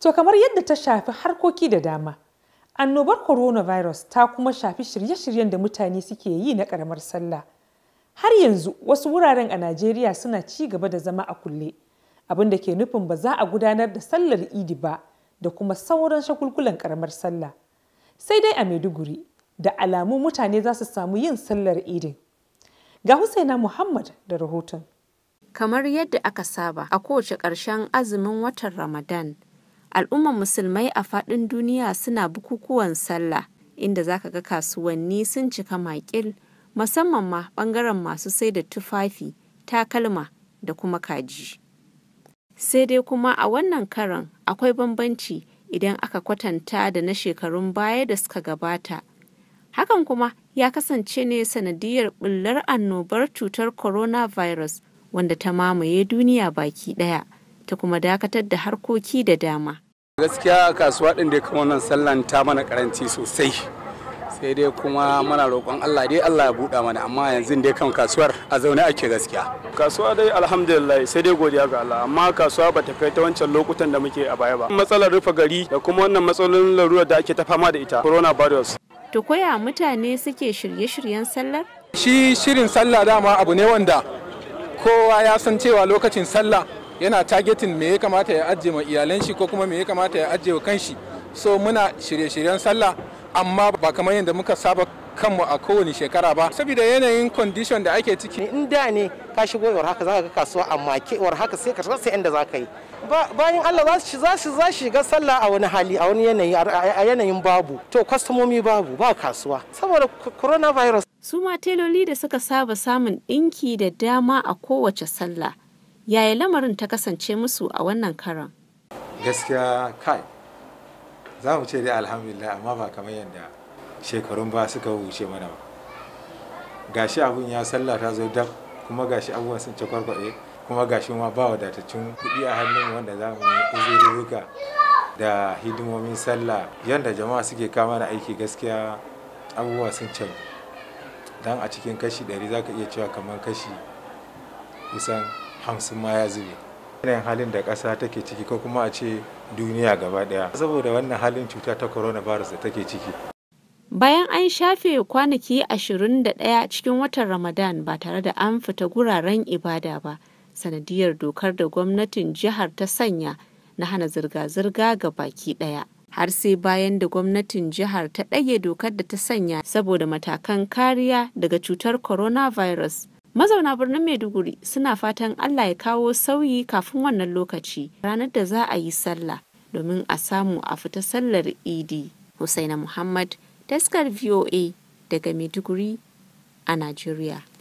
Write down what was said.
To kamar yadda ta shafi harkoki da dama, annobar coronavirus ta kuma shafi shirye-shiryen da mutane suke yi na ƙaramar sallah. Har yanzu wasu wuraren a Najeriya suna ci gaba da zama a kulle, abin da ke nufin ba za a gudanar da sallar Idi ba da kuma sauran shakulkulan ƙaramar sallah. Sai dai a Maiduguri, da alamu mutane za su samu yin sallar Idin. Ga Husaina Muhammad da rahoton. Kamar yadda aka saba a kowace ƙarshen azumin watan Ramadan, al'umman musulmai a faɗin duniya suna bukukuwan sallah inda za ka ga kasuwanni sun cika makil musamman ma ɓangaren masu sai da tufafi takalma da kuma kaji sai dai kuma a wannan karan akwai bambanci idan aka kwatanta da na shekarun baya da suka gabata hakan kuma ya kasance ne sanadiyar bullar annobar cutar coronavirus wanda ta mamaye duniya baki daya ta kuma dakatar da harkoki da dama gaskiya kasuwa din da kuma wannan sallan ta mana karanci sosai sai dai kuma muna roƙon Allah dai Allah ya buɗa mana amma yanzu dai kan kasuwar a zaune ake gaskiya kasuwa dai alhamdulillah sai dai godiya ga Allah amma kasuwa ba ta kai ta wancan lokutan da muke a baya ba matsalar rufe gari da kuma wannan matsalolin larurar da ake ta fama da ita Corona virus. to koya mutane suke shirye-shiryen sallar shi shirin sallah dama abu ne wanda kowa ya san cewa lokacin sallah yana targetin me ya kamata ya ajiye ma iyalan shi ko kuma me ya kamata ya ajiye wa kanshi so muna shirye-shiryen sallah amma ba kamar yadda muka saba kanmu a kowane shekara ba saboda yanayin condition da ake ciki in da ne ka shigo war haka zaka ga kasuwa amma ke war haka sai ka sai inda zaka yi bayan Allah za shi za shi za shiga sallah a wani hali a wani yanayi a yanayin babu to kwastomomi babu ba kasuwa saboda coronavirus su ma teloli da suka saba samun dinki da dama a kowace sallah Yaya lamarin ta kasance musu a wannan karan? Gaskiya kai, za mu ce dai alhamdulillah amma ba kamar yadda shekarun ba suka wuce mana ba. Gashi abun ya sallah ta zo dab kuma gashi abubuwan sun ci kwarkwaɗe kuma gashi ma ba wadataccen kuɗi a hannun wanda za mu yi uzurruka da hidimomin sallah yadda jama'a suke kama na aiki gaskiya abubuwa sun canza. dan a cikin kashi ɗari za ka iya cewa kamar kashi kusan hamsin ma ya zube yanayin halin da ƙasa take ciki ko kuma a ce duniya gaba ɗaya saboda wannan halin cuta ta coronavirus da take ciki bayan an shafe kwanaki 21 cikin watan ramadan ba tare da an fita guraren ibada ba sanadiyar dokar da gwamnatin jihar ta sanya na hana zirga-zirga ga baki ɗaya har sai bayan da gwamnatin jihar ta ɗage dokar da ta sanya saboda matakan kariya daga cutar coronavirus Mazauna birnin Maiduguri suna fatan Allah ya kawo sauyi kafin wannan lokaci ranar da za a yi sallah domin a samu a fita sallar Idi. Husaina Muhammad, taskar VOA daga Maiduguri a Najeriya.